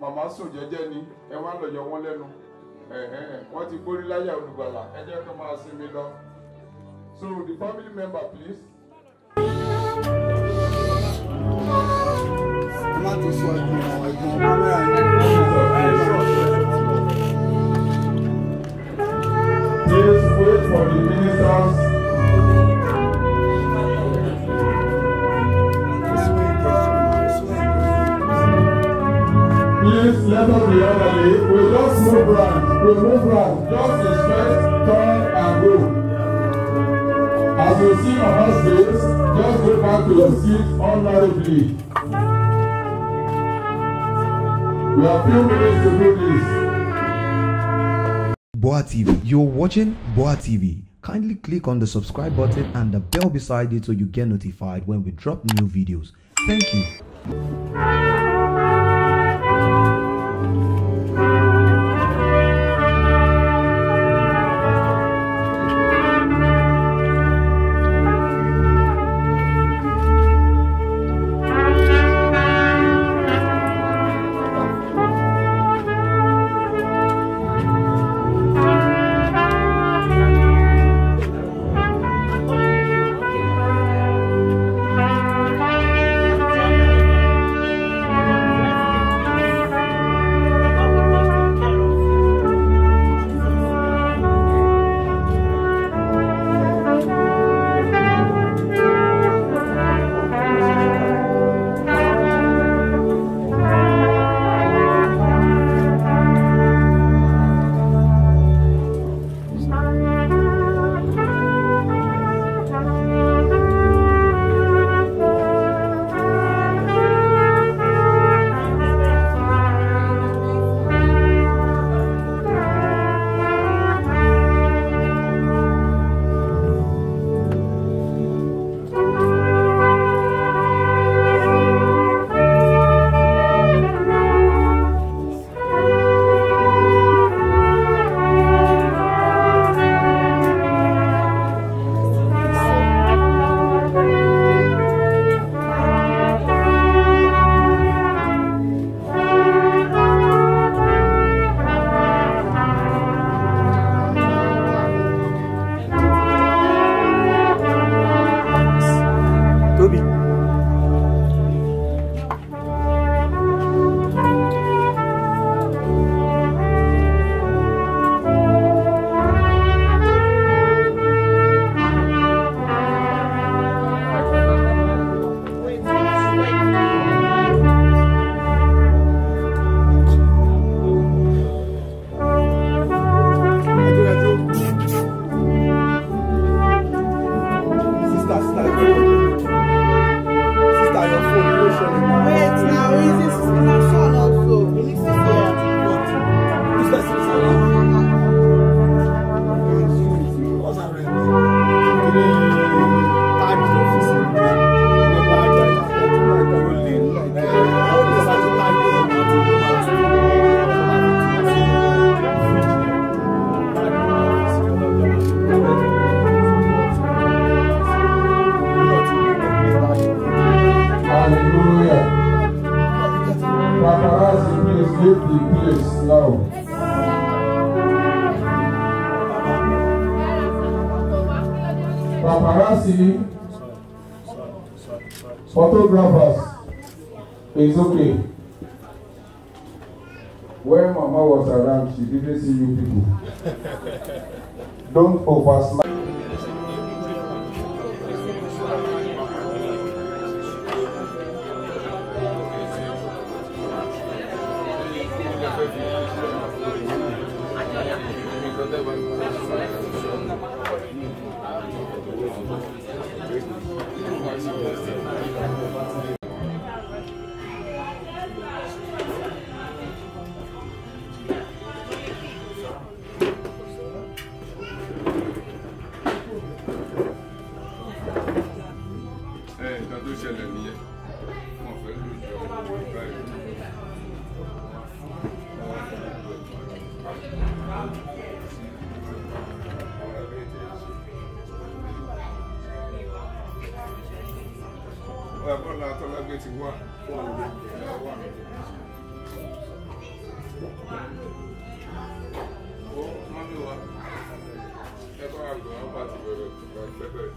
màmá sùn jẹ́jẹ́ ni ẹ wá lọ yọ wọ́n lẹ́nu wọ́n ti gbórí láyà olùgbàlà ẹ jẹ́ kó máa sinmi lọ. So the family member please. láti wait for the ministers. let us be orderly. We just move round. We move round. Just respect, turn and go. As you see on our space, just go back to your seat honorably. We have few minutes to do this. Boa TV. You're watching Boa TV kindly click on the subscribe button and the bell beside it so you get notified when we drop new videos. Thank you. the place now. Paparazzi, photographers, it's okay. When Mama was around, she didn't see you people. Don't oversmile. 그런데 bàbá Bọ́lá Tọ́lágbé ti wá wà ó mọ́mí wa ẹ bá àgbọ̀n bá ti bẹ̀rẹ̀ pẹ̀lú ẹgbẹ́